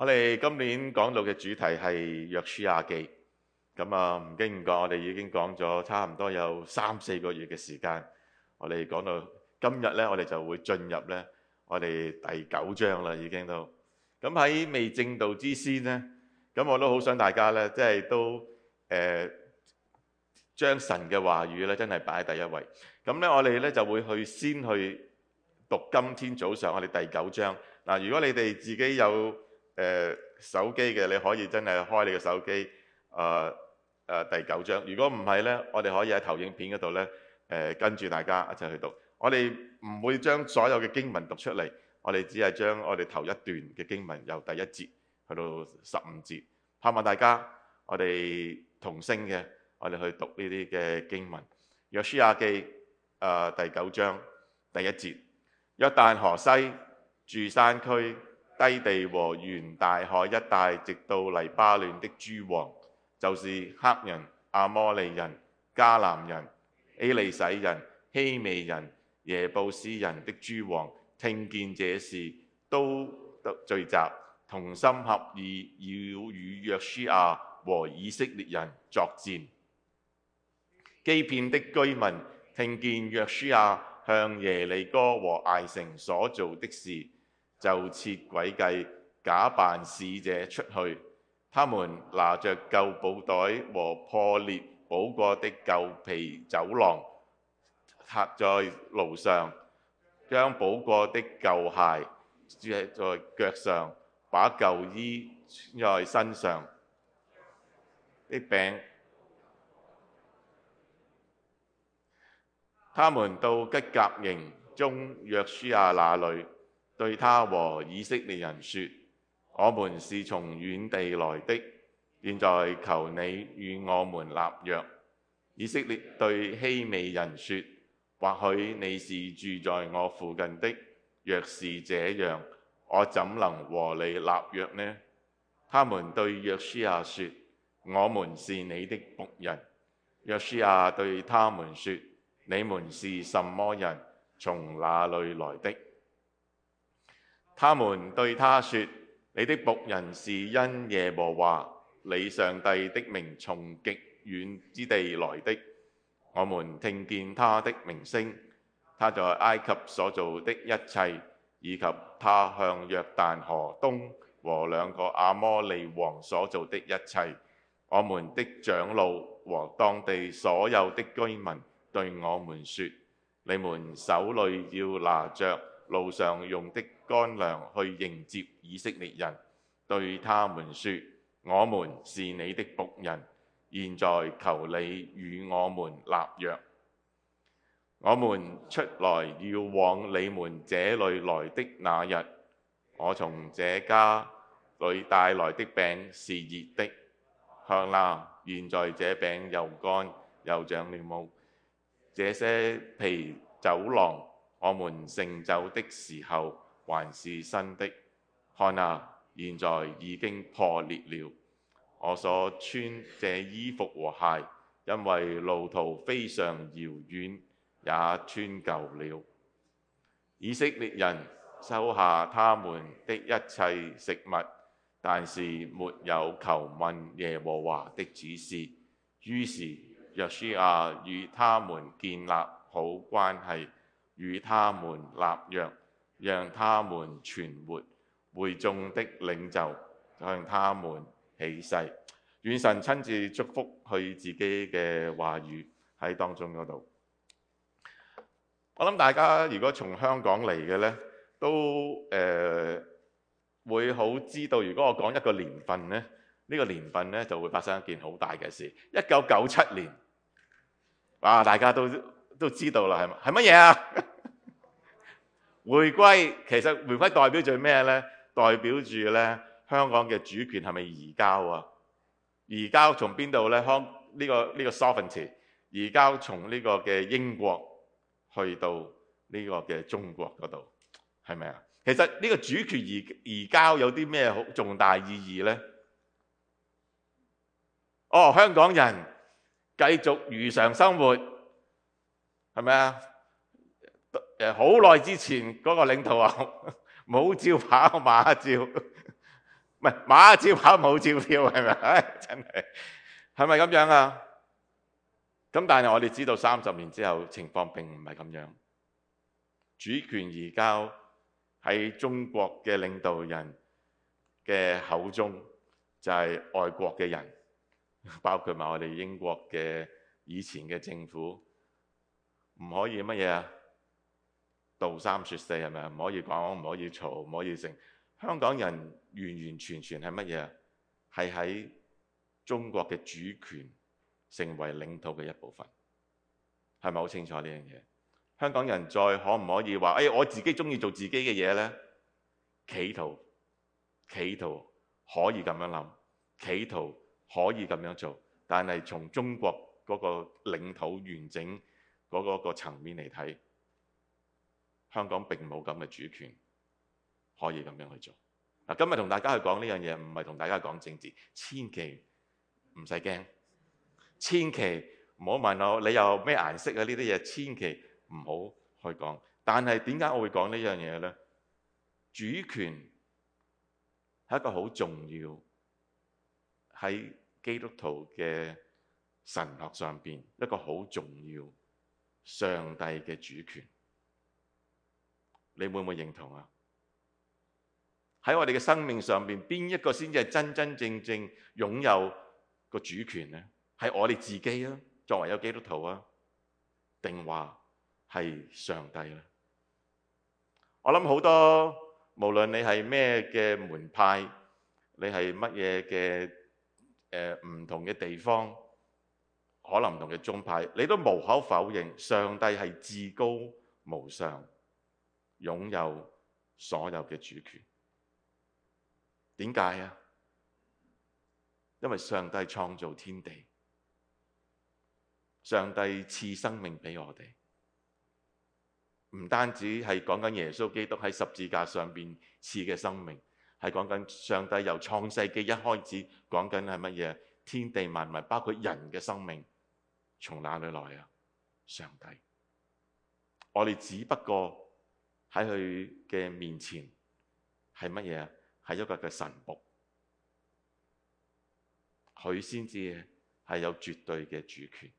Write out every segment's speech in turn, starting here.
我哋今年講到嘅主題係約書亞記，咁啊唔經唔覺，我哋已經講咗差唔多有三四個月嘅時間。我哋講到今日呢，我哋就會進入呢我哋第九章啦，已經都咁喺未正道之先呢，咁我都好想大家呢，即係都誒將神嘅話語呢，真係擺喺第一位。咁呢，我哋呢就會去先去讀今天早上我哋第九章嗱。如果你哋自己有。誒、呃、手機嘅你可以真係開你嘅手機啊啊，第九章，如果唔係呢，我哋可以喺投影片嗰度呢，誒、呃、跟住大家一齊去讀。我哋唔會將所有嘅經文讀出嚟，我哋只係將我哋頭一段嘅經文由第一節去到到十五節，盼望大家我哋同聲嘅，我哋去讀呢啲嘅經文。約書亞記啊第九章第一節，約旦河西住山區。低地和沿大海一帶，直到黎巴嫩的諸王，就是黑人、阿摩利人、迦南人、埃利洗人、希未人、耶布斯人的諸王，聽見這事，都得聚集，同心合意要與約書亞和以色列人作戰。基遍的居民聽見約書亞向耶利哥和艾城所做的事。就設詭計，假扮使者出去。他們拿着舊布袋和破裂補過的舊皮走廊，踏在路上，將補過的舊鞋著在腳上，把舊衣穿在身上。啲餅，他們到吉甲營中約書亞那裏。對他和以色列人說：我們是從遠地來的，現在求你與我們立約。以色列對希未人說：或許你是住在我附近的，若是這樣，我怎能和你立約呢？他們對約書亞說：我們是你的僕人。約書亞對他們說：你們是什麼人？從哪裏來的？他們對他說：你的僕人是因耶和華你上帝的名從極遠之地來的。我們聽見他的名聲，他在埃及所做的一切，以及他向約旦河東和兩個阿摩利王所做的一切。我們的長老和當地所有的居民對我們說：你們手裏要拿着，路上用的乾糧去迎接以色列人，對他們説：我們是你的僕人，現在求你與我們立約。我們出來要往你們這裏來的那日，我從這家裏帶來的餅是熱的，看哪，現在這餅又乾又長了毛，這些皮走廊。我們成就的時候還是新的，看啊，現在已經破裂了。我所穿這衣服和鞋，因為路途非常遙遠，也穿舊了。以色列人收下他們的一切食物，但是沒有求問耶和華的指示。於是約書亞與他們建立好關係。與他們立約，讓他們存活。會眾的領袖向他們起誓，願神親自祝福佢自己嘅話語喺當中嗰度。我諗大家如果從香港嚟嘅呢，都誒、呃、會好知道。如果我講一個年份呢，呢、呢個年份呢，就會發生一件好大嘅事。一九九七年，哇！大家都都知道啦，係咪？係乜嘢啊？回歸，其實回歸代表住咩呢？代表住呢，香港嘅主權係咪移交啊？移交從邊度呢？康呢個呢個 sovereignty 移交從呢個嘅英國去到呢個嘅中國嗰度，係咪啊？其實呢個主權移移交有啲咩好重大意義呢？哦，香港人繼續如常生活係咪啊？好耐之前嗰個領導啊，冇照跑馬照，唔係馬照跑冇照跳，係咪？真係係咪咁樣啊？咁但係我哋知道三十年之後情況並唔係咁樣，主權移交喺中國嘅領導人嘅口中就係外國嘅人，包括埋我哋英國嘅以前嘅政府，唔可以乜嘢啊？道三說四係咪？唔可以講，唔可以嘈，唔可以成香港人完完全全係乜嘢？係喺中國嘅主權成為領土嘅一部分，係咪好清楚呢樣嘢？香港人再可唔可以話：誒、哎，我自己中意做自己嘅嘢呢？企圖、企圖可以咁樣諗，企圖可以咁樣做，但係從中國嗰個領土完整嗰個個層面嚟睇。香港並冇咁嘅主權，可以咁樣去做。嗱，今日同大家去講呢樣嘢，唔係同大家講政治，千祈唔使驚，千祈唔好問我你有咩顏色啊？呢啲嘢千祈唔好去講。但係點解我會講呢樣嘢呢？主權係一個好重要喺基督徒嘅神學上邊一個好重要上帝嘅主權。你會唔會認同啊？喺我哋嘅生命上邊，邊一個先至係真真正正擁有個主權呢？係我哋自己啊，作為有基督徒啊，定話係上帝呢？我諗好多，無論你係咩嘅門派，你係乜嘢嘅誒唔同嘅地方，可能唔同嘅宗派，你都無可否認，上帝係至高無上。擁有所有嘅主權，點解呀？因為上帝創造天地，上帝賜生命俾我哋，唔單止係講緊耶穌基督喺十字架上邊賜嘅生命，係講緊上帝由創世紀一開始講緊係乜嘢？天地萬物，包括人嘅生命，從哪裏來啊？上帝，我哋只不過。喺佢嘅面前係乜嘢？係一個嘅神僕，佢先至係有絕對嘅主權。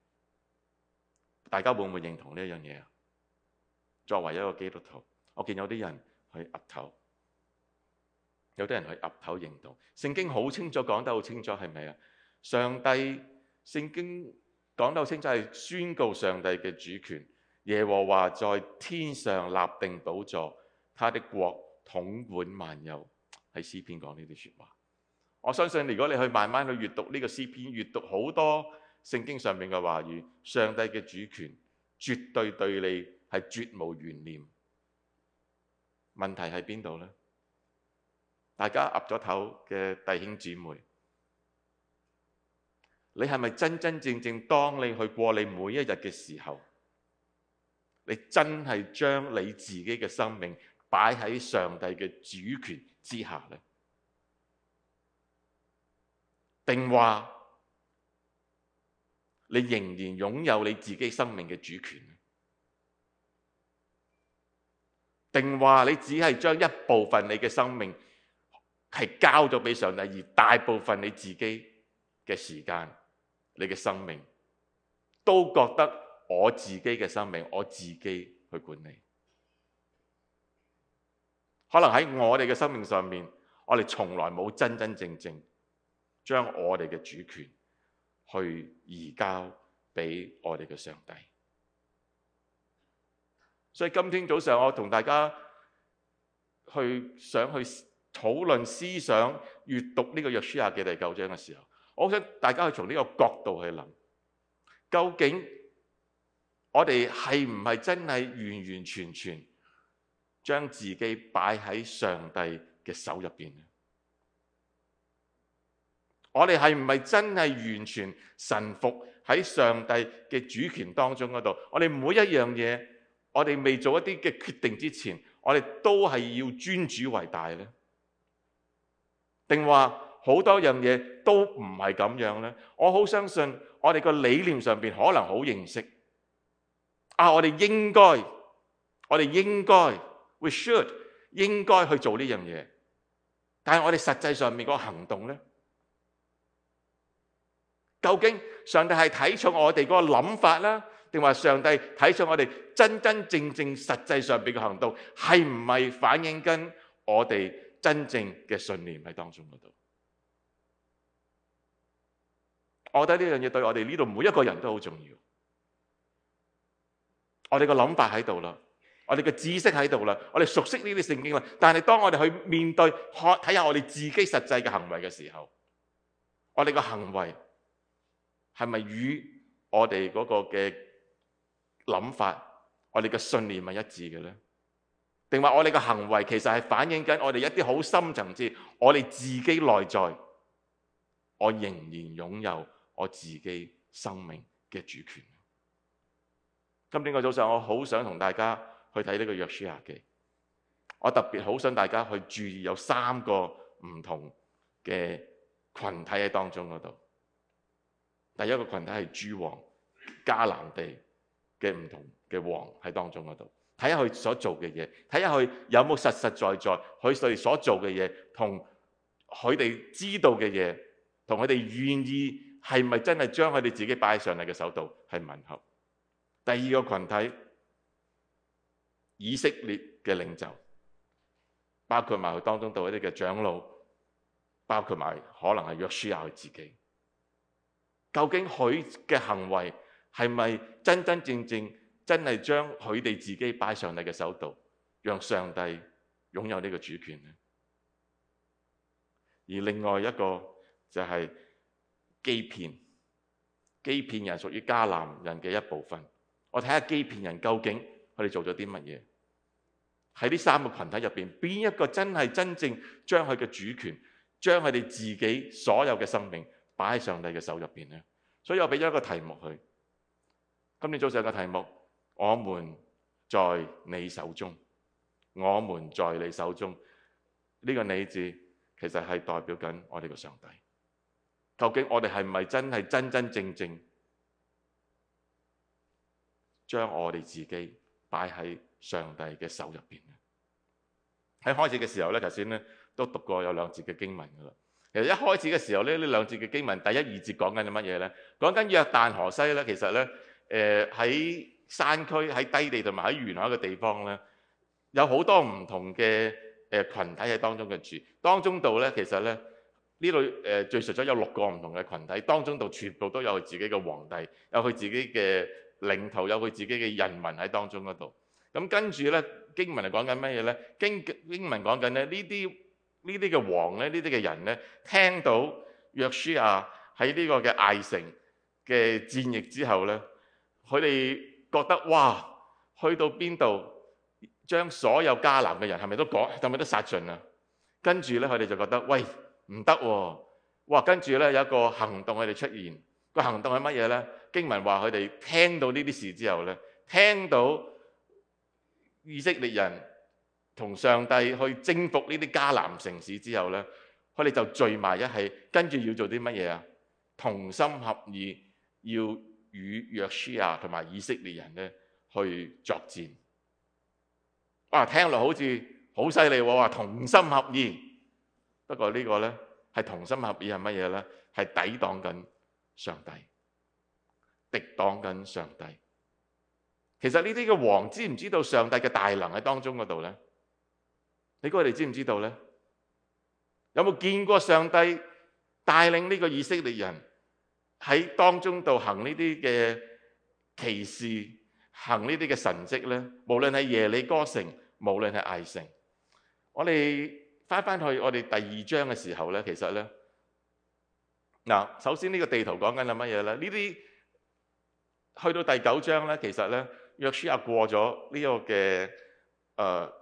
大家會唔會認同呢一樣嘢啊？作為一個基督徒，我見有啲人去岌頭，有啲人去岌頭認同。聖經好清楚，講得好清楚，係咪啊？上帝聖經講得好清楚，係宣告上帝嘅主權。耶和華在天上立定寶座，他的國統管萬有。喺詩篇講呢啲說話，我相信如果你去慢慢去閱讀呢個詩篇，閱讀好多聖經上面嘅話語，上帝嘅主權絕對對你係絕無懸念。問題喺邊度呢？大家岌咗頭嘅弟兄姊妹，你係咪真真正正當你去過你每一日嘅時候？你真係將你自己嘅生命擺喺上帝嘅主權之下咧，定話你仍然擁有你自己生命嘅主權？定話你只係將一部分你嘅生命係交咗俾上帝，而大部分你自己嘅時間、你嘅生命都覺得？我自己嘅生命，我自己去管理。可能喺我哋嘅生命上面，我哋從來冇真真正正將我哋嘅主權去移交俾我哋嘅上帝。所以今天早上我同大家去想去討論思想、閱讀呢個約書亞嘅第九章嘅時候，我想大家去從呢個角度去諗，究竟？我哋係唔係真係完完全全將自己擺喺上帝嘅手入邊？我哋係唔係真係完全臣服喺上帝嘅主權當中嗰度？我哋每一樣嘢，我哋未做一啲嘅決定之前，我哋都係要尊主為大咧？定話好多樣嘢都唔係咁樣呢？我好相信我哋個理念上面可能好認識。啊！我哋應該，我哋應該，we should 應該去做呢樣嘢。但係我哋實際上面嗰個行動咧，究竟上帝係睇出我哋嗰個諗法啦，定話上帝睇出我哋真真正正實際上面嘅行動係唔係反映緊我哋真正嘅信念喺當中嗰度？我覺得呢樣嘢對我哋呢度每一個人都好重要。我哋個諗法喺度啦，我哋嘅知識喺度啦，我哋熟悉呢啲聖經啦。但係當我哋去面對、看、睇下我哋自己實際嘅行為嘅時候，我哋個行為係咪與我哋嗰個嘅諗法、我哋嘅信念係一致嘅呢？定話我哋嘅行為其實係反映緊我哋一啲好深層次，我哋自己內在，我仍然擁有我自己生命嘅主權。今天個早上，我好想同大家去睇呢個約書亞記。我特別好想大家去注意有三個唔同嘅群體喺當中嗰度。第一個群體係諸王迦南地嘅唔同嘅王喺當中嗰度，睇下佢所做嘅嘢，睇下佢有冇實實在在佢哋所做嘅嘢同佢哋知道嘅嘢，同佢哋願意係咪真係將佢哋自己擺喺上帝嘅手度係吻合。第二個群體，以色列嘅領袖，包括埋當中到一啲嘅長老，包括埋可能係約書亞佢自己。究竟佢嘅行為係咪真真正正真係將佢哋自己擺上帝嘅手度，讓上帝擁有呢個主權呢？而另外一個就係欺騙，欺騙人屬於迦南人嘅一部分。我睇下欺騙人究竟佢哋做咗啲乜嘢？喺呢三個群體入邊，邊一個真係真正將佢嘅主權、將佢哋自己所有嘅生命擺喺上帝嘅手入邊咧？所以我俾咗一個題目佢今年早上嘅題目：我們在你手中。我們在你手中。呢、這個你字其實係代表緊我哋個上帝。究竟我哋係唔係真係真真正正，正？將我哋自己擺喺上帝嘅手入邊。喺開始嘅時候咧，頭先咧都讀過有兩節嘅經文噶啦。其實一開始嘅時候咧，呢兩節嘅經文第一二節講緊啲乜嘢咧？講緊約旦河西咧，其實咧誒喺山區、喺低地同埋喺沿海嘅地方咧，有好多唔同嘅誒羣體喺當中嘅住。當中度咧，其實咧呢度誒敍述咗有六個唔同嘅羣體，當中度全部都有佢自己嘅皇帝，有佢自己嘅。領頭有佢自己嘅人民喺當中嗰度，咁跟住咧經文係講緊乜嘢咧？經經文講緊咧呢啲呢啲嘅王咧，呢啲嘅人咧，聽到約書亞喺呢個嘅艾城嘅戰役之後咧，佢哋覺得哇，去到邊度將所有迦南嘅人係咪都趕，係咪都殺盡啊？跟住咧佢哋就覺得喂，唔得喎，哇！跟住咧有一個行動佢哋出現，個行動係乜嘢咧？經文話佢哋聽到呢啲事之後咧，聽到以色列人同上帝去征服呢啲迦南城市之後咧，佢哋就聚埋一齊，跟住要做啲乜嘢啊？同心合意要與約書亞同埋以色列人咧去作戰。啊，聽落好似好犀利喎！同心合意。不過呢個咧係同心合意係乜嘢咧？係抵擋緊上帝。敵擋緊上帝，其實呢啲嘅王知唔知道上帝嘅大能喺當中嗰度咧？你估我哋知唔知道咧？有冇見過上帝帶領呢個以色列人喺當中度行呢啲嘅奇事，行呢啲嘅神蹟咧？無論係耶利哥城，無論係艾城，我哋翻翻去我哋第二章嘅時候咧，其實咧，嗱，首先呢個地圖講緊係乜嘢咧？呢啲去到第九章呢，其實呢約書亞過咗呢、呢個嘅誒、呃、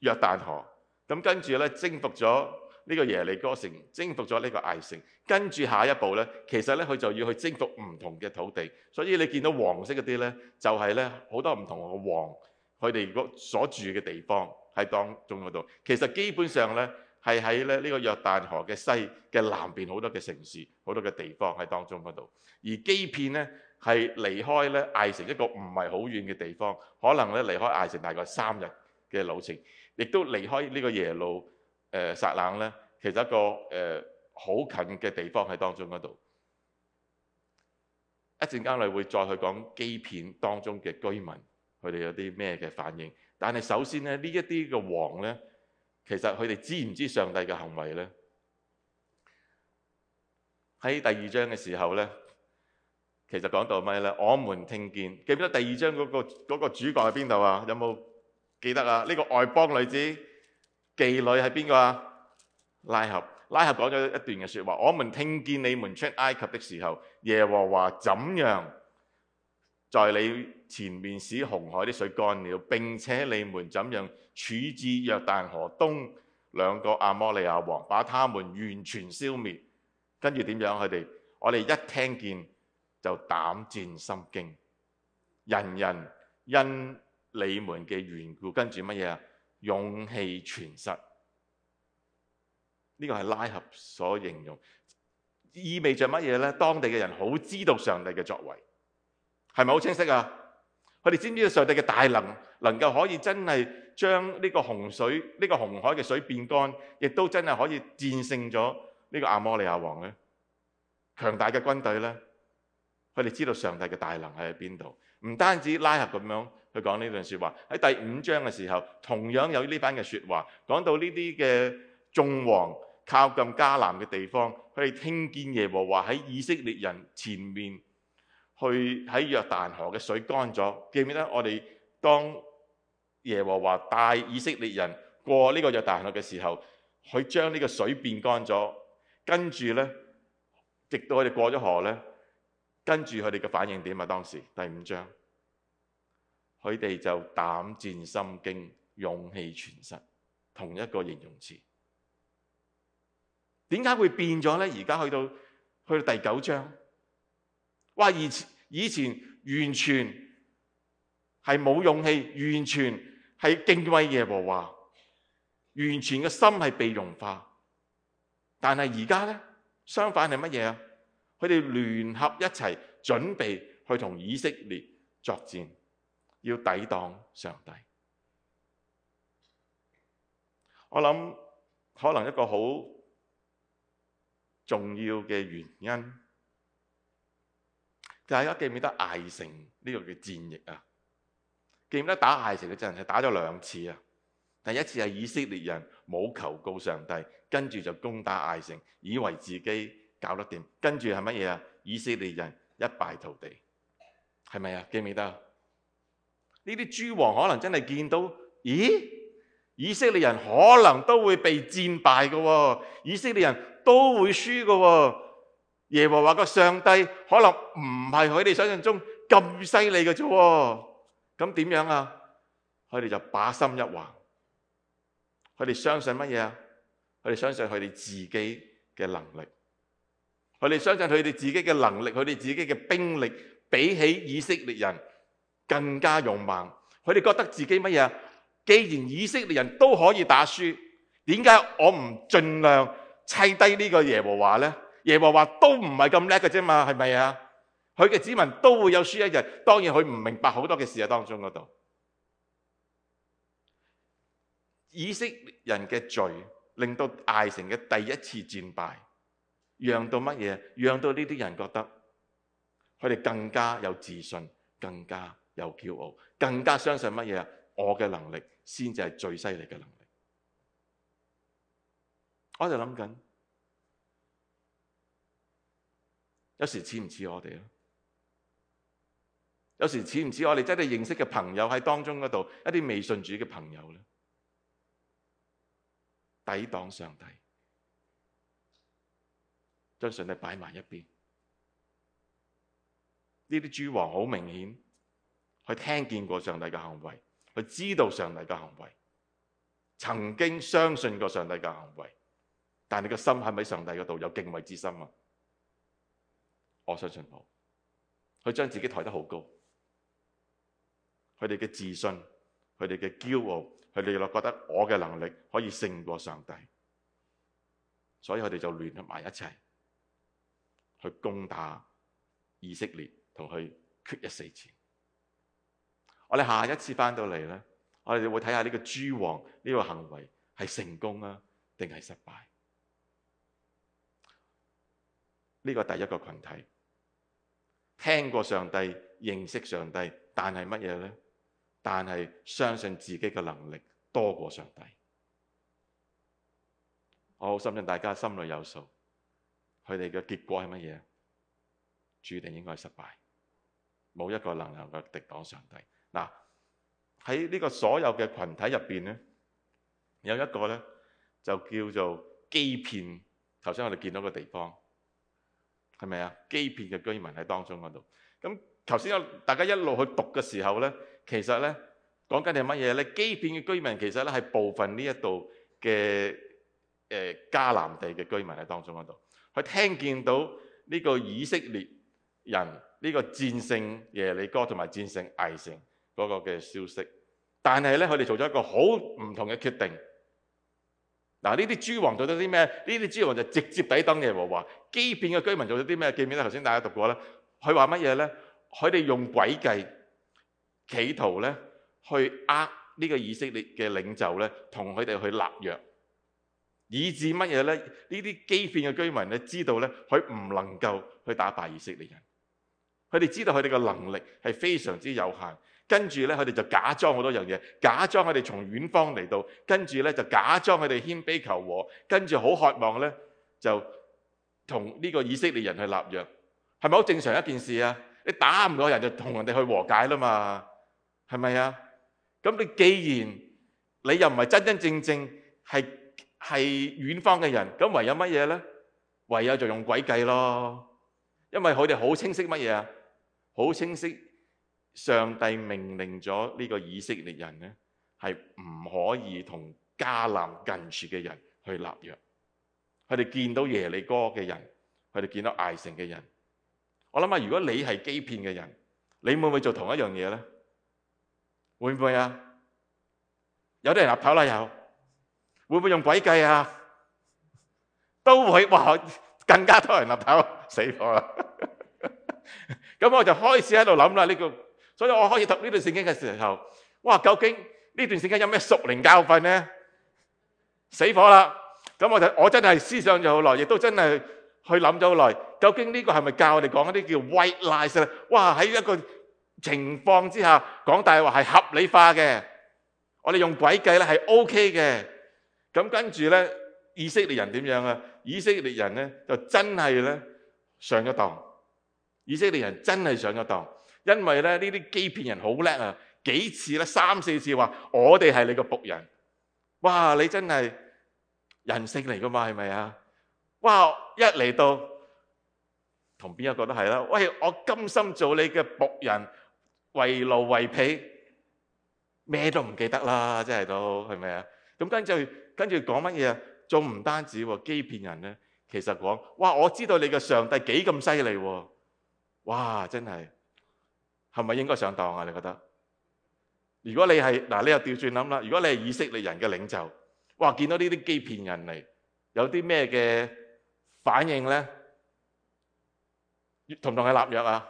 約旦河，咁跟住呢，征服咗呢個耶利哥城，征服咗呢個艾城，跟住下一步呢，其實呢，佢就要去征服唔同嘅土地，所以你見到黃色嗰啲呢，就係呢好多唔同嘅王，佢哋如果所住嘅地方喺當中嗰度，其實基本上呢，係喺呢呢個約旦河嘅西嘅南邊好多嘅城市、好多嘅地方喺當中嗰度，而基片呢。係離開咧艾城一個唔係好遠嘅地方，可能咧離開艾城大概三日嘅路程，亦都離開呢個耶路誒撒、呃、冷咧，其實一個誒好、呃、近嘅地方喺當中嗰度。一陣間我會再去講基遍當中嘅居民，佢哋有啲咩嘅反應。但係首先呢，呢一啲嘅王呢，其實佢哋知唔知上帝嘅行為呢？喺第二章嘅時候呢。其實講到乜呢？我們聽見記唔記得第二章嗰、那個那個主角喺邊度啊？有冇記得啊？呢、這個外邦女子妓女係邊個啊？拉合拉合講咗一段嘅説話。我們聽見你們出埃及的時候，耶和華怎樣在你前面使紅海啲水乾了，並且你們怎樣處置約旦河東兩個阿摩利亞王，把他們完全消滅。跟住點樣？佢哋我哋一聽見。就膽戰心驚，人人因你們嘅緣故，跟住乜嘢啊？勇氣全失。呢個係拉合所形容，意味着乜嘢呢？當地嘅人好知道上帝嘅作為，係咪好清晰啊？佢哋知唔知道上帝嘅大能，能夠可以真係將呢個洪水、呢個紅海嘅水變乾，亦都真係可以戰勝咗呢個阿摩利亞王呢？強大嘅軍隊呢？佢哋知道上帝嘅大能喺喺邊度，唔單止拉合咁樣去講呢段説話。喺第五章嘅時候，同樣有呢班嘅説話，講到「呢啲嘅眾王靠近迦南嘅地方，佢哋聽見耶和華喺以色列人前面去喺約旦河嘅水乾咗。記唔記得我哋當耶和華帶以色列人過呢個約旦河嘅時候，佢將呢個水變乾咗，跟住呢，直到佢哋過咗河呢。」跟住佢哋嘅反應點啊？當時第五章，佢哋就膽戰心驚、勇氣全失，同一個形容詞。點解會變咗咧？而家去到去到第九章，哇以前以前完全係冇勇氣，完全係敬畏耶和華，完全嘅心係被融化。但係而家咧，相反係乜嘢啊？佢哋聯合一齊準備去同以色列作戰，要抵擋上帝。我諗可能一個好重要嘅原因，大家記唔記得艾城呢個嘅戰役啊？記唔記得打艾城嘅陣係打咗兩次啊？第一次係以色列人冇求告上帝，跟住就攻打艾城，以為自己搞得掂，跟住係乜嘢啊？以色列人一敗塗地，係咪啊？記唔記得啊？呢啲諸王可能真係見到，咦？以色列人可能都會被戰敗噶，以色列人都會輸噶。耶和華個上帝可能唔係佢哋想象中咁犀利噶啫。咁點樣啊？佢哋就把心一橫，佢哋相信乜嘢啊？佢哋相信佢哋自己嘅能力。佢哋相信佢哋自己嘅能力，佢哋自己嘅兵力比起以色列人更加勇猛。佢哋覺得自己乜嘢？既然以色列人都可以打輸，點解我唔盡量砌低呢個耶和華咧？耶和華都唔係咁叻嘅啫嘛，係咪啊？佢嘅子民都會有輸一日，當然佢唔明白好多嘅事啊。當中嗰度，以色列人嘅罪令到艾城嘅第一次戰敗。讓到乜嘢？讓到呢啲人覺得佢哋更加有自信，更加有驕傲，更加相信乜嘢啊？我嘅能力先至係最犀利嘅能力。我就諗緊，有時似唔似我哋啊？有時似唔似我哋真係認識嘅朋友喺當中嗰度？一啲未信主嘅朋友咧，抵擋上帝。將上帝擺埋一邊，呢啲諸王好明顯，佢聽見過上帝嘅行為，佢知道上帝嘅行為，曾經相信過上帝嘅行為，但你嘅心係咪上帝嗰度有敬畏之心啊？我相信冇，佢將自己抬得好高，佢哋嘅自信，佢哋嘅驕傲，佢哋就覺得我嘅能力可以勝過上帝，所以佢哋就聯合埋一齊。去攻打以色列同去決一死戰。我哋下一次翻到嚟呢，我哋就會睇下呢個諸王呢個行為，係成功啊定係失敗。呢個第一個群體聽過上帝、認識上帝，但係乜嘢呢？但係相信自己嘅能力多過上帝。我好深信大家心裏有數。佢哋嘅結果係乜嘢？注定應該係失敗，冇一個能量夠敵擋上帝。嗱，喺呢個所有嘅羣體入邊咧，有一個咧就叫做基遍。頭先我哋見到個地方係咪啊？基遍嘅居民喺當中嗰度。咁頭先有大家一路去讀嘅時候咧，其實咧講緊係乜嘢咧？基遍嘅居民其實咧係部分呢一度嘅誒迦南地嘅居民喺當中嗰度。佢聽見到呢個以色列人呢，這個戰勝耶利哥同埋戰勝艾城嗰個嘅消息，但係咧佢哋做咗一個好唔同嘅決定。嗱，呢啲諸王做咗啲咩？呢啲諸王就直接抵擋耶和華。基遍嘅居民做咗啲咩？記唔記得頭先大家讀過咧？佢話乜嘢咧？佢哋用詭計企圖咧去呃呢個以色列嘅領袖咧，同佢哋去立約。以致乜嘢呢？呢啲基遍嘅居民咧，知道呢，佢唔能夠去打敗以色列人，佢哋知道佢哋嘅能力係非常之有限。跟住呢，佢哋就假裝好多樣嘢，假裝佢哋從遠方嚟到，跟住呢就假裝佢哋謙卑求和，跟住好渴望呢，就同呢個以色列人去納約，係咪好正常一件事啊？你打唔到人就同人哋去和解啦嘛，係咪啊？咁你既然你又唔係真真正正係。係遠方嘅人，咁唯有乜嘢呢？唯有就用詭計咯，因為佢哋好清晰乜嘢啊！好清晰，上帝命令咗呢個以色列人呢，係唔可以同迦南近處嘅人去立約。佢哋見到耶利哥嘅人，佢哋見到艾城嘅人。我諗下，如果你係欺騙嘅人，你會唔會做同一樣嘢呢？會唔會啊？有啲人岌頭喇，有。會唔會用詭計啊？都會話更加多人立頭死火啦。咁我就開始喺度諗啦，呢個所以我開始讀呢段聖經嘅時候，哇！究竟呢段聖經有咩屬靈教訓呢？死火啦！咁我就我真係思想咗好耐，亦都真係去諗咗好耐。究竟呢個係咪教我哋講一啲叫 white lies 咧？哇！喺一個情況之下講大話係合理化嘅，我哋用詭計咧係 OK 嘅。咁跟住咧，以色列人點樣啊？以色列人咧就真係咧上咗當，以色列人真係上咗當，因為咧呢啲欺騙人好叻啊！幾次咧三四次話我哋係你個僕人，哇！你真係人性嚟噶嘛？係咪啊？哇！一嚟到同邊一個都係啦，喂！我甘心做你嘅僕人，為奴為婢，咩都唔記得啦，真係都係咪啊？咁跟住。跟住講乜嘢？仲唔單止喎、啊，欺騙人咧。其實講，哇，我知道你嘅上帝幾咁犀利喎。哇，真係，係咪應該上當啊？你覺得？如果你係嗱，你又調轉諗啦。如果你係以色列人嘅領袖，哇，見到呢啲欺騙人嚟，有啲咩嘅反應咧？同唔同係立約啊？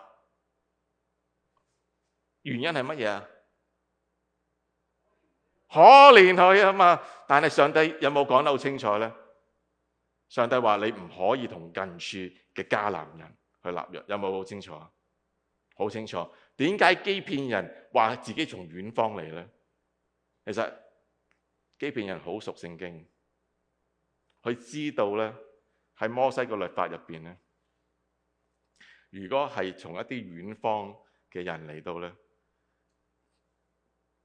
原因係乜嘢？可憐佢啊嘛，但係上帝有冇講得好清楚咧？上帝話你唔可以同近處嘅迦南人去立約，有冇好清楚啊？好清楚。點解基遍人話自己從遠方嚟咧？其實基遍人好熟聖經，佢知道咧，喺摩西嘅律法入邊咧，如果係從一啲遠方嘅人嚟到咧。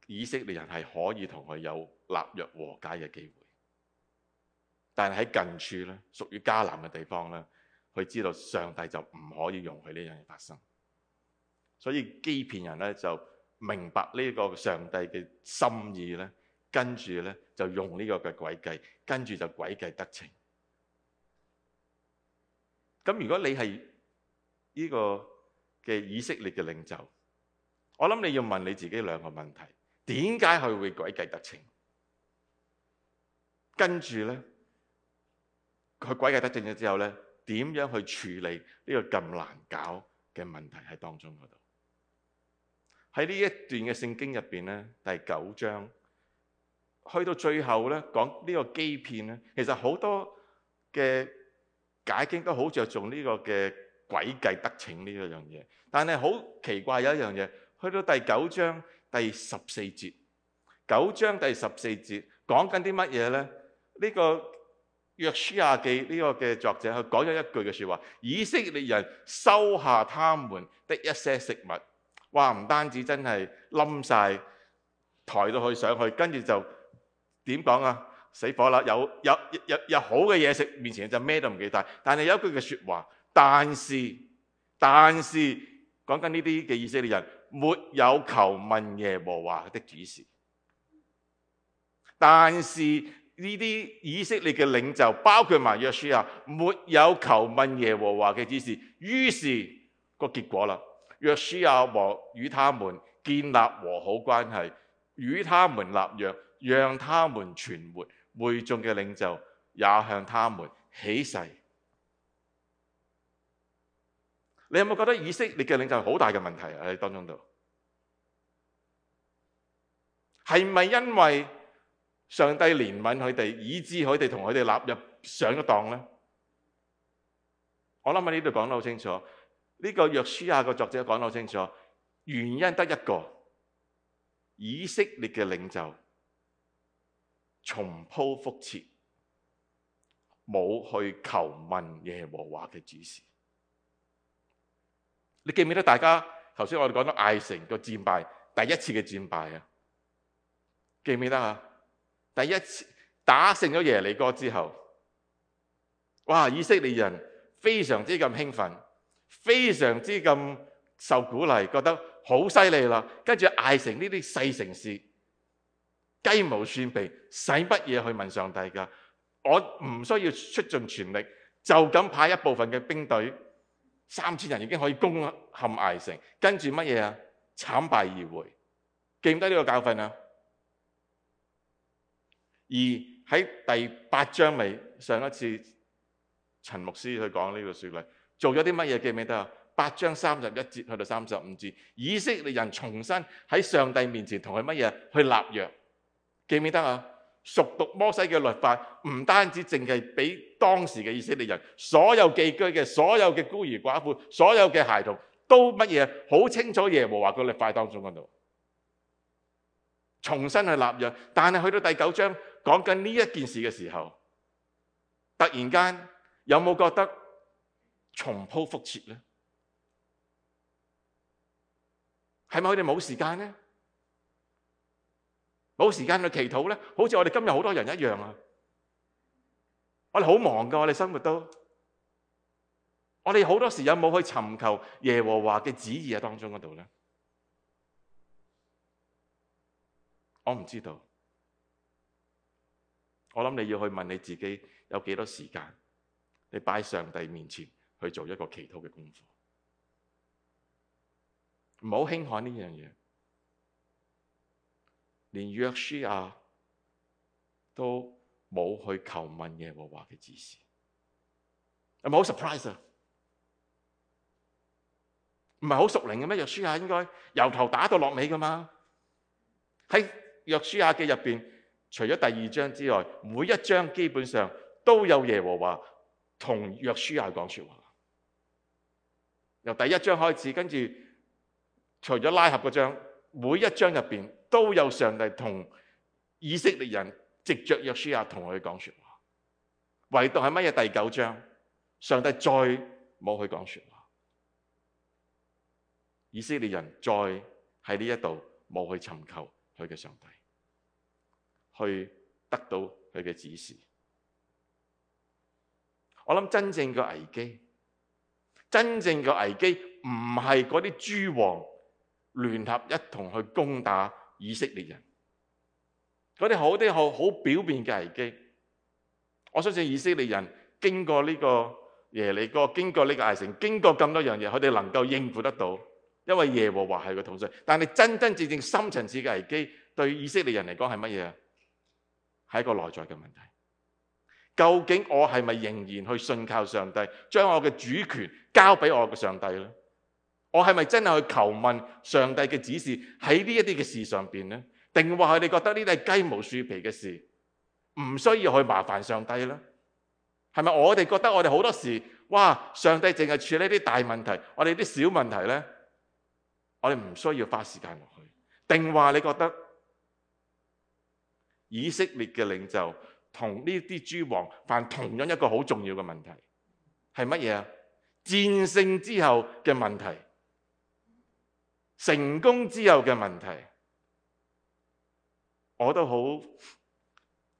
以色列人係可以同佢有立約和解嘅機會，但係喺近處咧，屬於迦南嘅地方咧，佢知道上帝就唔可以容許呢樣嘢發生。所以基遍人咧就明白呢個上帝嘅心意咧，跟住咧就用呢個嘅詭計，跟住就詭計得逞。咁如果你係呢個嘅以色列嘅領袖，我諗你要問你自己兩個問題。點解佢會詭計得逞？跟住呢，佢詭計得逞咗之後呢，點樣去處理呢個咁難搞嘅問題喺當中嗰度？喺呢一段嘅聖經入邊呢，第九章去到最後呢，講呢個欺騙呢，其實好多嘅解經都好着重呢個嘅詭計得逞呢一樣嘢。但係好奇怪有一樣嘢，去到第九章。第十四節，九章第十四節講緊啲乜嘢呢？呢個約書亞記呢個嘅作者佢講咗一句嘅説話：以色列人收下他們的一些食物，話唔單止真係冧晒，抬到去上去，跟住就點講啊？死火啦！有有有有好嘅嘢食面前就咩都唔記得。但係有一句嘅説話，但是但是講緊呢啲嘅以色列人。沒有求問耶和華的指示，但是呢啲以色列嘅領袖，包括埋約書亞，沒有求問耶和華嘅指示，於是個結果啦，約書亞和與他們建立和好關係，與他們立約，讓他們存活。會眾嘅領袖也向他們起誓。你有冇覺得以色列嘅領袖好大嘅問題喺當中度？係咪因為上帝憐憫佢哋，以致佢哋同佢哋落入上一當咧？我諗喺呢度講得好清楚，呢個約書亞嘅作者講得好清楚，原因得一個：以色列嘅領袖重鋪覆轍，冇去求問耶和華嘅指示。你記唔記得大家頭先我哋講到艾城個戰敗，第一次嘅戰敗啊？記唔記得啊？第一次，記記第一次打勝咗耶利哥之後，哇！以色列人非常之咁興奮，非常之咁受鼓勵，覺得好犀利啦。跟住艾城呢啲細城市，雞毛蒜皮，使乜嘢去問上帝㗎？我唔需要出盡全力，就咁派一部分嘅兵隊。三千人已經可以攻陷艾城，跟住乜嘢啊？慘敗而回，記唔得呢個教訓啊？而喺第八章尾上一次，陳牧師去講呢個説例，做咗啲乜嘢記唔記得啊？八章三十一節去到三十五節，以色列人重新喺上帝面前同佢乜嘢去立約，記唔記得啊？熟讀摩西嘅律法，唔單止淨係俾當時嘅以色列人，所有寄居嘅、所有嘅孤兒寡婦、所有嘅孩童，都乜嘢好清楚？耶和華嘅律法當中嗰度，重新去立約。但係去到第九章講緊呢一件事嘅時候，突然間有冇覺得重蹈覆轍呢？係咪佢哋冇時間呢？冇時間去祈禱咧，好似我哋今日好多人一樣啊！我哋好忙噶，我哋生活都，我哋好多時有冇去尋求耶和華嘅旨意喺當中嗰度咧，我唔知道。我諗你要去問你自己有幾多時間，你擺上帝面前去做一個祈禱嘅功課，唔好輕看呢樣嘢。連約書亞都冇去求問耶和華嘅指示，係咪好 surprise 啊！唔係好屬靈嘅咩？約書亞應該由頭打到落尾噶嘛？喺約書亞嘅入邊，除咗第二章之外，每一章基本上都有耶和華同約書亞講說話，由第一章開始，跟住除咗拉合嗰章，每一章入邊。都有上帝同以色列人藉着約書亞同佢講說話，唯獨係乜嘢第九章，上帝再冇去講說話，以色列人再喺呢一度冇去尋求佢嘅上帝，去得到佢嘅指示。我諗真正嘅危機，真正嘅危機唔係嗰啲諸王聯合一同去攻打。以色列人嗰啲好啲好好表面嘅危機，我相信以色列人經過呢個耶利哥，經過呢個艾城，經過咁多樣嘢，佢哋能夠應付得到，因為耶和華係個統帥。但係真真正正深層次嘅危機，對以色列人嚟講係乜嘢？係一個內在嘅問題。究竟我係咪仍然去信靠上帝，將我嘅主權交俾我嘅上帝咧？我係咪真係去求問上帝嘅指示喺呢一啲嘅事上邊咧？定話佢哋覺得呢啲係雞毛蒜皮嘅事，唔需要去麻煩上帝啦？係咪我哋覺得我哋好多時，哇，上帝淨係處理啲大問題，我哋啲小問題咧，我哋唔需要花時間落去？定話你覺得以色列嘅領袖同呢啲諸王犯同樣一個好重要嘅問題係乜嘢啊？戰勝之後嘅問題？成功之後嘅問題，我都好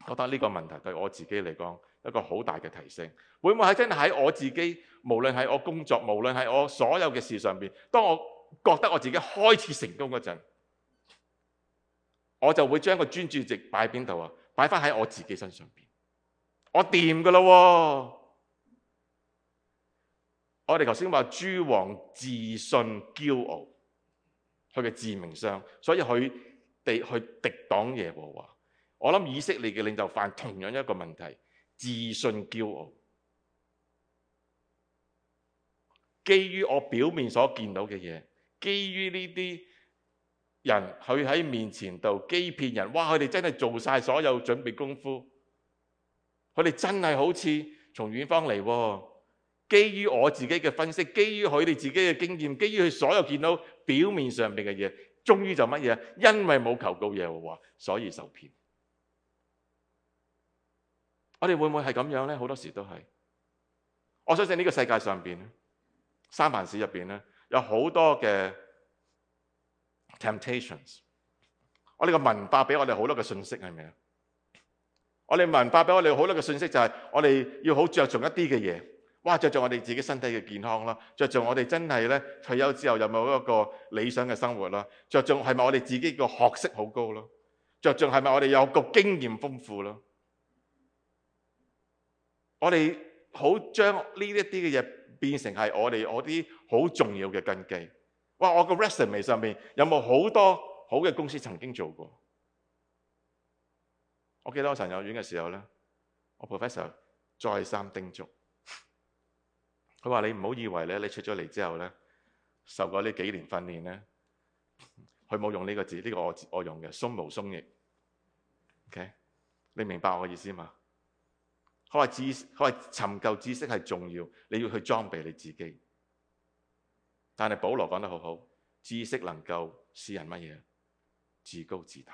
覺得呢個問題對我自己嚟講一個好大嘅提升。會唔會喺真的我自己，無論喺我工作，無論喺我所有嘅事上面，當我覺得我自己開始成功嗰陣，我就會將個專注力擺邊度啊？擺翻喺我自己身上面。我掂㗎喇喎！我哋頭先話諸王自信、驕傲。佢嘅致命傷，所以佢地去敵擋耶和華。我諗以色列嘅領袖犯同樣一個問題：自信驕傲，基於我表面所見到嘅嘢，基於呢啲人佢喺面前度欺騙人。哇！佢哋真係做晒所有準備功夫，佢哋真係好似從遠方嚟喎。基於我自己嘅分析，基於佢哋自己嘅經驗，基於佢所有見到表面上邊嘅嘢，終於就乜嘢？因為冇求告耶和華，所以受騙。我哋會唔會係咁樣呢？好多時都係。我相信呢個世界上面，三藩市入面咧，有好多嘅 temptations。我哋嘅文化俾我哋好多嘅信息係咪啊？我哋文化俾我哋好多嘅信息就係我哋要好着重一啲嘅嘢。哇！著重我哋自己身體嘅健康啦，著重我哋真係咧退休之後有冇一個理想嘅生活啦，著重係咪我哋自己個學識好高咯，著重係咪我哋有個經驗豐富咯，我哋好將呢一啲嘅嘢變成係我哋我啲好重要嘅根基。哇！我個 resume 上面有冇好多好嘅公司曾經做過？我記得我神學院嘅時候咧，我 professor 再三叮囑。佢話你唔好以為咧，你出咗嚟之後咧，受過呢幾年訓練咧，佢冇用呢個字，呢、這個我我用嘅鬆毛鬆翼。o、okay? k 你明白我嘅意思嘛？佢話智，佢話尋求知識係重要，你要去裝備你自己。但係保羅講得好好，知識能夠私人乜嘢？自高自大。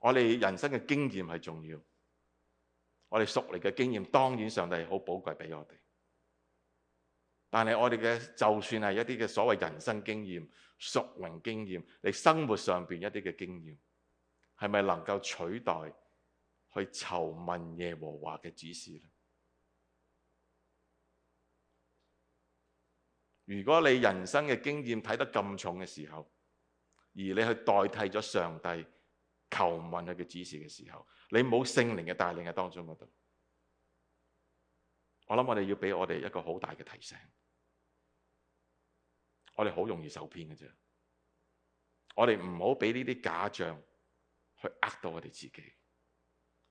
我哋人生嘅經驗係重要。我哋熟嚟嘅經驗，當然上帝好寶貴俾我哋。但係我哋嘅，就算係一啲嘅所謂人生經驗、熟齡經驗，你生活上邊一啲嘅經驗，係咪能夠取代去求問耶和華嘅指示呢？如果你人生嘅經驗睇得咁重嘅時候，而你去代替咗上帝。求問佢嘅指示嘅時候，你冇聖靈嘅帶領嘅當中嗰度，我諗我哋要俾我哋一個好大嘅提醒，我哋好容易受騙嘅啫，我哋唔好俾呢啲假象去呃到我哋自己，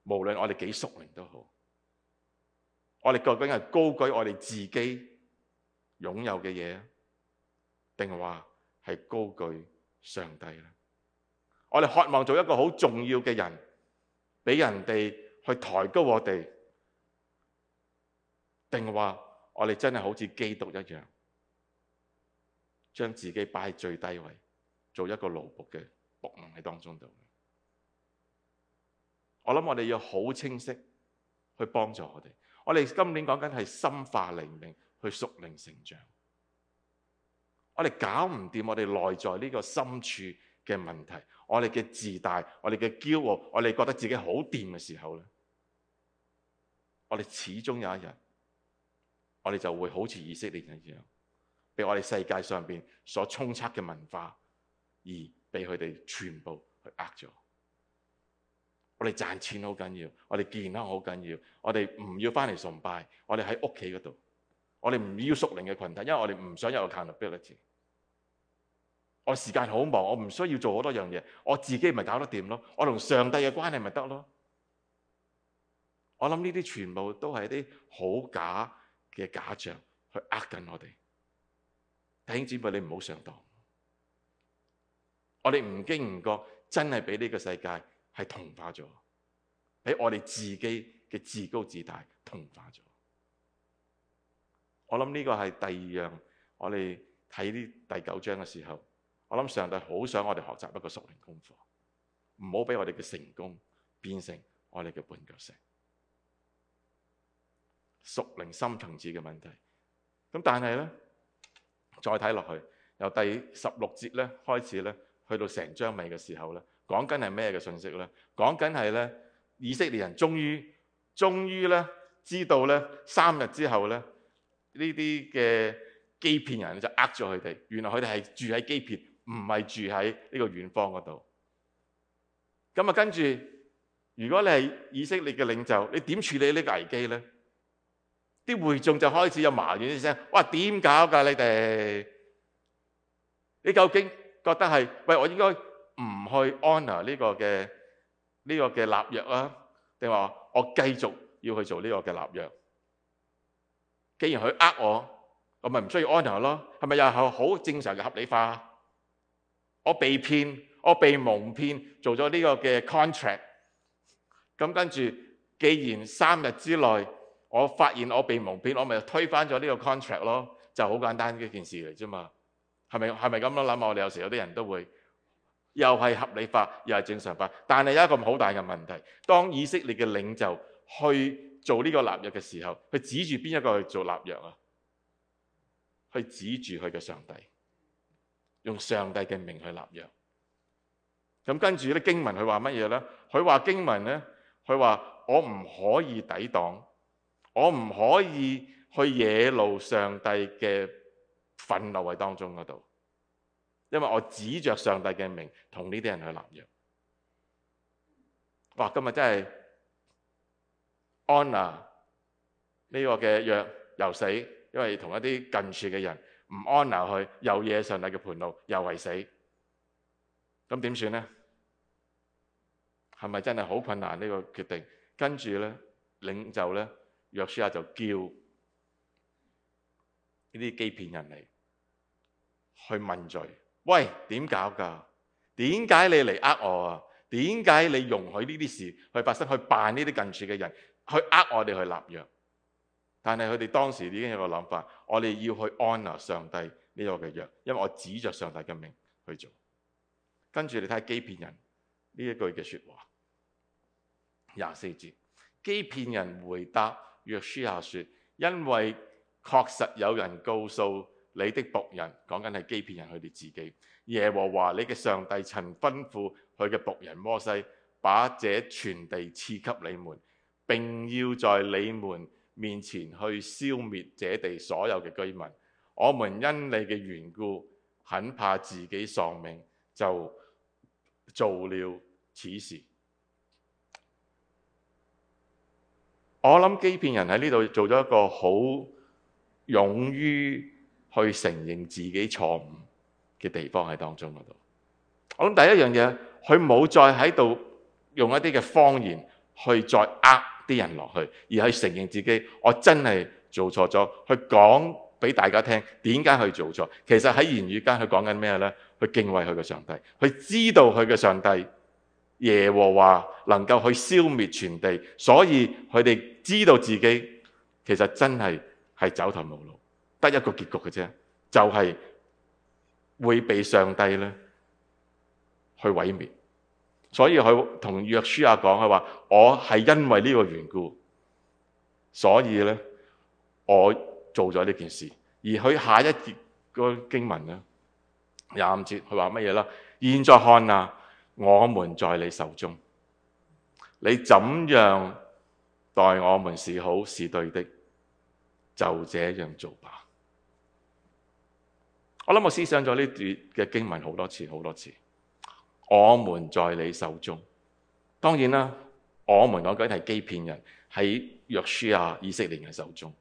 無論我哋幾屬靈都好，我哋究竟係高舉我哋自己擁有嘅嘢啊，定話係高舉上帝咧？我哋渴望做一個好重要嘅人，俾人哋去抬高我哋，定話我哋真係好似基督一樣，將自己擺喺最低位，做一個勞僕嘅僕人喺當中度。我諗我哋要好清晰去幫助我哋。我哋今年講緊係深化靈命，去屬靈成長。我哋搞唔掂我哋內在呢個深處。嘅問題，我哋嘅自大，我哋嘅驕傲，我哋覺得自己好掂嘅時候咧，我哋始終有一日，我哋就會好似以色列人一樣，被我哋世界上邊所沖刷嘅文化而被佢哋全部去壓咗。我哋賺錢好緊要，我哋健康好緊要，我哋唔要返嚟崇拜，我哋喺屋企嗰度，我哋唔要屬靈嘅群體，因為我哋唔想有個 accountability。我時間好忙，我唔需要做好多樣嘢，我自己咪搞得掂咯。我同上帝嘅關係咪得咯。我諗呢啲全部都係一啲好假嘅假象，去呃緊我哋。弟兄姊妹，你唔好上當。我哋唔經唔覺，真係俾呢個世界係同化咗，俾我哋自己嘅自高自大同化咗。我諗呢個係第二樣，我哋睇呢第九章嘅時候。我諗上帝好想我哋學習一個屬靈功課，唔好俾我哋嘅成功變成我哋嘅絆腳石。屬靈深層次嘅問題，咁但係呢，再睇落去，由第十六節呢開始呢，去到成章尾嘅時候呢，講緊係咩嘅信息呢？講緊係呢，以色列人終於，終於呢知道呢，三日之後呢，呢啲嘅基遍人就呃咗佢哋，原來佢哋係住喺基遍。唔係住喺呢個遠方嗰度。咁啊，跟住如果你係以色列嘅領袖，你點處理呢個危機咧？啲會眾就開始有埋怨啲聲：哇，點搞㗎你哋？你究竟覺得係喂我應該唔去 honor 呢個嘅呢個嘅立約啊？定話我繼續要去做呢個嘅立約？既然佢呃我，我咪唔需要 honor 咯？係咪又係好正常嘅合理化？我被騙，我被蒙騙，做咗呢個嘅 contract。咁跟住，既然三日之內我發現我被蒙騙，我咪推翻咗呢個 contract 咯，就好簡單嘅一件事嚟啫嘛。係咪，係咪咁樣諗啊？我哋有時有啲人都會，又係合理化，又係正常化。但係有一個好大嘅問題，當以色列嘅領袖去做呢個立約嘅時候，佢指住邊一個去做立約啊？佢指住佢嘅上帝。用上帝嘅名去立約，咁跟住咧經文佢話乜嘢咧？佢話經文咧，佢話我唔可以抵擋，我唔可以去惹怒上帝嘅憤怒喺當中嗰度，因為我指着上帝嘅名同呢啲人去立約。哇！今日真係安啊，呢個嘅約又死，因為同一啲近處嘅人。唔安留佢，又惹上帝嘅盤路，又為死，咁點算咧？係咪真係好困難呢個決定？跟住咧，領袖咧，約書亞就叫呢啲基遍人嚟去問罪。喂，點搞㗎？點解你嚟呃我啊？點解你容許呢啲事去發生，去扮呢啲近處嘅人去呃我哋去立約？但係佢哋當時已經有個諗法，我哋要去安啊上帝呢個嘅約，因為我指着上帝嘅命去做。跟住你睇基遍人呢一句嘅説話，廿四節。基遍人回答約書亞說：因為確實有人告訴你的僕人，講緊係基遍人佢哋自己。耶和華你嘅上帝曾吩咐佢嘅僕人摩西把這全地賜給你們，並要在你們面前去消滅這地所有嘅居民，我們因你嘅緣故，很怕自己喪命，就做了此事。我諗基遍人喺呢度做咗一個好勇於去承認自己錯誤嘅地方喺當中嗰度。我諗第一樣嘢，佢冇再喺度用一啲嘅謊言去再呃。啲人落去，而係承認自己，我真係做錯咗，去講俾大家聽點解去做錯。其實喺言語間，佢講緊咩呢？去敬畏佢嘅上帝，佢知道佢嘅上帝耶和華能夠去消滅全地，所以佢哋知道自己其實真係係走投無路，得一個結局嘅啫，就係會被上帝呢去毀滅。所以佢同約書亞講：佢話我係因為呢個緣故，所以呢，我做咗呢件事。而佢下一節個經文呢，廿五節，佢話乜嘢啦？現在看啊，我們在你手中，你怎樣待我們是好是對的，就這樣做吧。我諗我思想咗呢段嘅經文好多次，好多次。我們在你手中，當然啦，我們嗰 group 係欺騙人喺約書亞以色列人手中，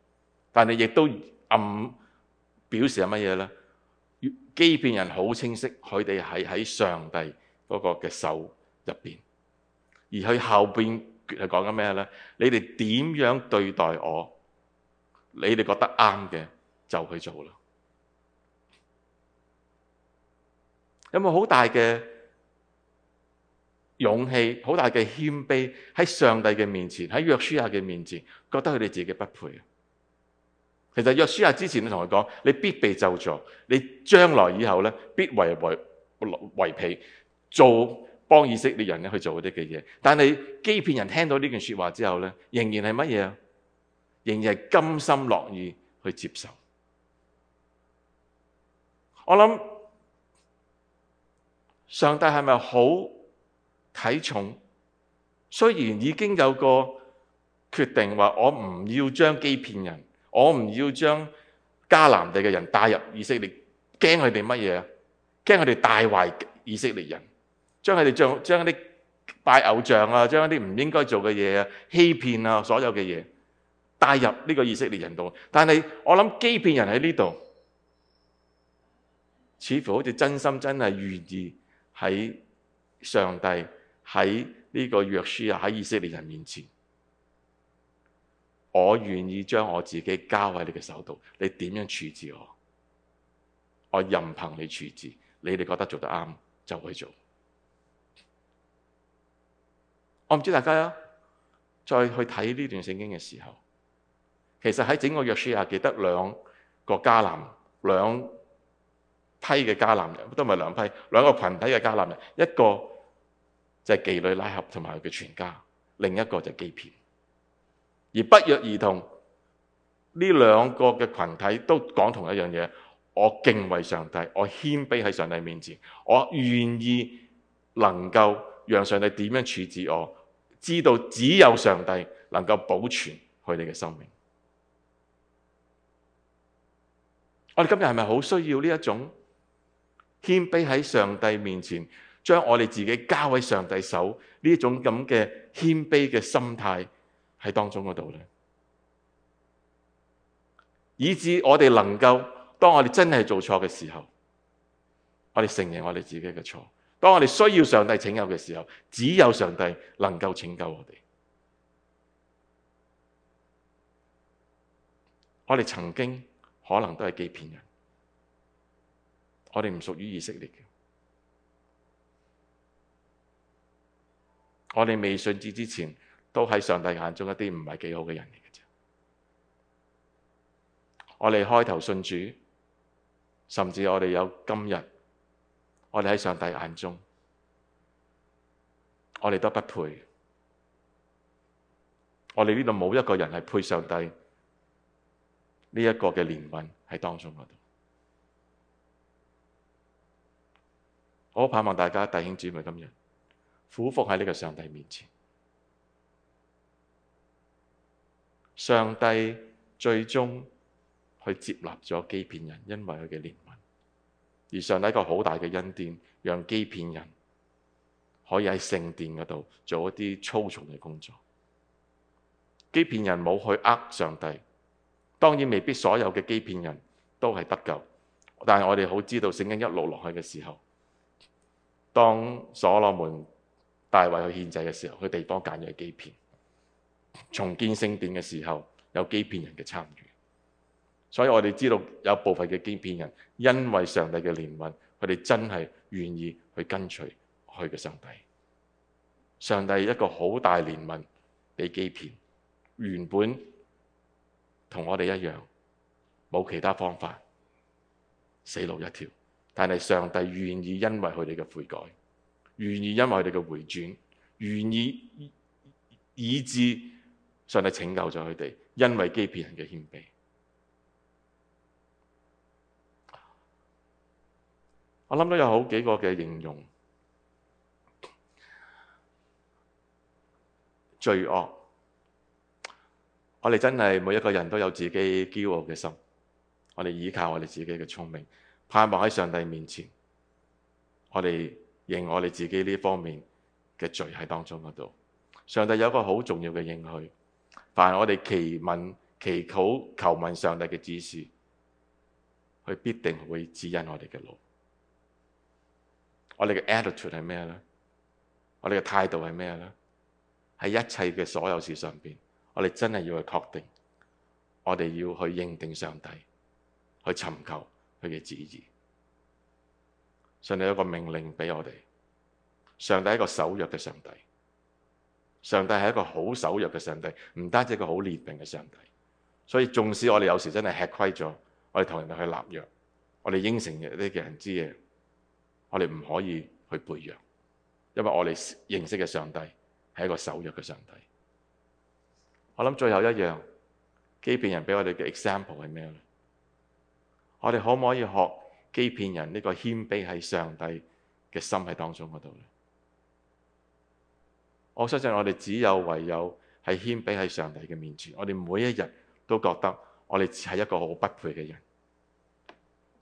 但係亦都暗表示係乜嘢呢？欺騙人好清晰，佢哋係喺上帝嗰個嘅手入邊，而佢後邊係講緊咩呢？你哋點樣對待我？你哋覺得啱嘅就去做啦，有冇好大嘅？勇氣好大嘅謙卑，喺上帝嘅面前，喺約書亞嘅面前，覺得佢哋自己不配啊！其實約書亞之前，你同佢講，你必被咒詛，你將來以後咧，必為為為婢做幫以色列人咧去做嗰啲嘅嘢，但係基遍人聽到呢段說話之後咧，仍然係乜嘢啊？仍然係甘心樂意去接受。我諗上帝係咪好？體重雖然已經有個決定，話我唔要將欺騙人，我唔要將迦南地嘅人帶入以色列，驚佢哋乜嘢啊？驚佢哋帶壞以色列人，將佢哋將將啲拜偶像啊，將啲唔應該做嘅嘢啊，欺騙啊，所有嘅嘢帶入呢個以色列人度。但係我諗欺騙人喺呢度，似乎好似真心真係願意喺上帝。喺呢個約書亞喺以色列人面前，我願意將我自己交喺你嘅手度，你點樣處置我，我任憑你處置。你哋覺得做得啱就去做。我唔知大家啊，再去睇呢段聖經嘅時候，其實喺整個約書亞記得兩個迦南兩批嘅迦南人，都唔係兩批，兩個群體嘅迦南人一個。就係、是、妓女喇合同埋佢嘅全家，另一個就係基遍。而不約而同，呢兩個嘅群體都講同一樣嘢：我敬畏上帝，我謙卑喺上帝面前，我願意能夠讓上帝點樣處置我，知道只有上帝能夠保存佢哋嘅生命。我哋今日係咪好需要呢一種謙卑喺上帝面前？將我哋自己交喺上帝手，呢種咁嘅謙卑嘅心態喺當中嗰度呢，以致我哋能夠當我哋真係做錯嘅時候，我哋承認我哋自己嘅錯；當我哋需要上帝拯救嘅時候，只有上帝能夠拯救我哋。我哋曾經可能都係欺騙人，我哋唔屬於以色列。我哋未信主之前，都喺上帝眼中一啲唔係幾好嘅人嚟嘅啫。我哋開頭信主，甚至我哋有今日，我哋喺上帝眼中，我哋都不配。我哋呢度冇一個人係配上帝呢一、這個嘅憐憫喺當中嗰度。我好盼望大家弟兄姊妹今日。俯伏喺呢個上帝面前，上帝最終去接納咗基遍人，因為佢嘅憐憫。而上帝一個好大嘅恩典，讓基遍人可以喺聖殿嗰度做一啲粗重嘅工作。基遍人冇去呃上帝，當然未必所有嘅基遍人都係得救，但係我哋好知道聖經一路落去嘅時候，當所羅門。大衛去獻祭嘅時候，佢地方揀咗基遍。重建聖殿嘅時候，有基遍人嘅參與。所以我哋知道有部分嘅基遍人，因為上帝嘅憐憫，佢哋真係願意去跟隨佢嘅上帝。上帝一個好大憐憫，被基遍，原本同我哋一樣，冇其他方法，死路一條。但係上帝願意，因為佢哋嘅悔改。願意因為我哋嘅回轉，願意以致上帝拯救咗佢哋，因為欺騙人嘅謙卑。我諗到有好幾個嘅形容：罪惡，我哋真係每一個人都有自己驕傲嘅心，我哋依靠我哋自己嘅聰明，盼望喺上帝面前，我哋。認我哋自己呢方面嘅罪喺當中嗰度，上帝有一個好重要嘅應許，凡係我哋祈問、祈求、求問上帝嘅指示，佢必定會指引我哋嘅路。我哋嘅 attitude 係咩呢？我哋嘅態度係咩呢？喺一切嘅所有事上邊，我哋真係要去確定，我哋要去認定上帝，去尋求佢嘅旨意。上帝有一個命令俾我哋，上帝係一個守約嘅上帝，上帝係一個好守約嘅上帝，唔單止一個好烈定嘅上帝，所以縱使我哋有時真係吃虧咗，我哋同人哋去立約，我哋應承呢嘅人之嘢，我哋唔可以去背約，因為我哋認識嘅上帝係一個守約嘅上帝。我諗最後一樣，基遍人俾我哋嘅 example 係咩呢？我哋可唔可以學？欺騙人呢個謙卑喺上帝嘅心喺當中嗰度。我相信我哋只有唯有係謙卑喺上帝嘅面前，我哋每一日都覺得我哋係一個好不配嘅人，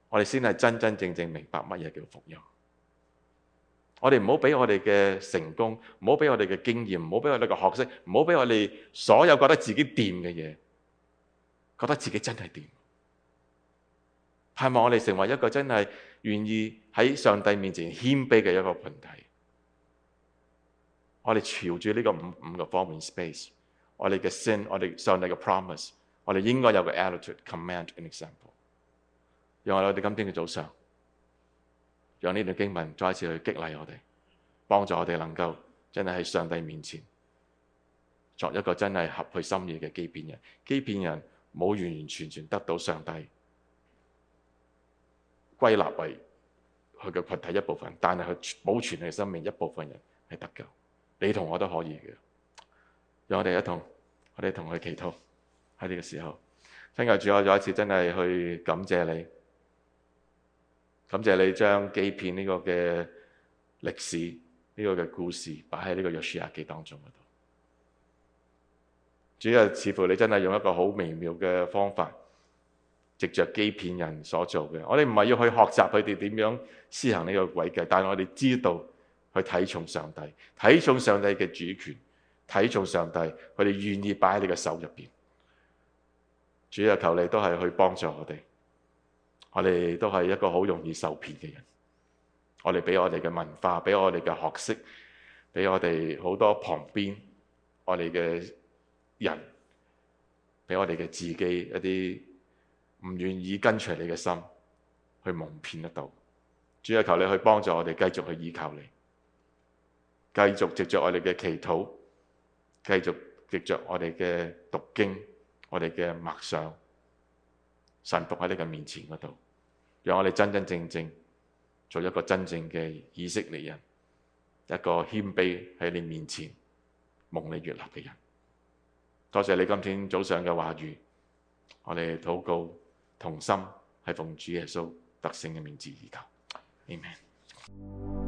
我哋先係真真正正明白乜嘢叫福音。我哋唔好俾我哋嘅成功，唔好俾我哋嘅經驗，唔好俾我哋嘅學識，唔好俾我哋所有覺得自己掂嘅嘢，覺得自己真係掂。盼望我哋成為一個真係願意喺上帝面前謙卑嘅一個群體。我哋朝住呢個五五個方面 space，我哋嘅 sin，我哋上帝嘅 promise，我哋應該有個 attitude，command and example，讓我哋今天嘅早上，用呢段經文再一次去激勵我哋，幫助我哋能夠真係喺上帝面前作一個真係合佢心意嘅欺騙人。欺騙人冇完完全全得到上帝。歸納為佢嘅群體一部分，但係佢保存佢生命一部分人係得救，你同我都可以嘅。讓我哋一同，我哋同佢祈禱喺呢個時候。親愛主，我再一次真係去感謝你，感謝你將幾篇呢個嘅歷史呢個嘅故事擺喺呢個約書亞記當中度。主要似乎你真係用一個好微妙嘅方法。藉著欺騙人所做嘅，我哋唔係要去學習佢哋點樣施行呢個詭計，但係我哋知道去睇重上帝，睇重上帝嘅主權，睇重上帝，佢哋願意擺喺你嘅手入邊。主要求你都係去幫助我哋。我哋都係一個好容易受騙嘅人。我哋俾我哋嘅文化，俾我哋嘅學識，俾我哋好多旁邊我哋嘅人，俾我哋嘅自己一啲。唔願意跟隨你嘅心去蒙騙得到，主啊，求你去幫助我哋繼續去依靠你，繼續藉着我哋嘅祈禱，繼續藉着我哋嘅讀經、我哋嘅默想、神讀喺你嘅面前嗰度，讓我哋真真正正做一個真正嘅以色列人，一個謙卑喺你面前蒙你悅納嘅人。多謝你今天早上嘅話語，我哋禱告。同心，係奉主耶穌得勝嘅名字而求，amen。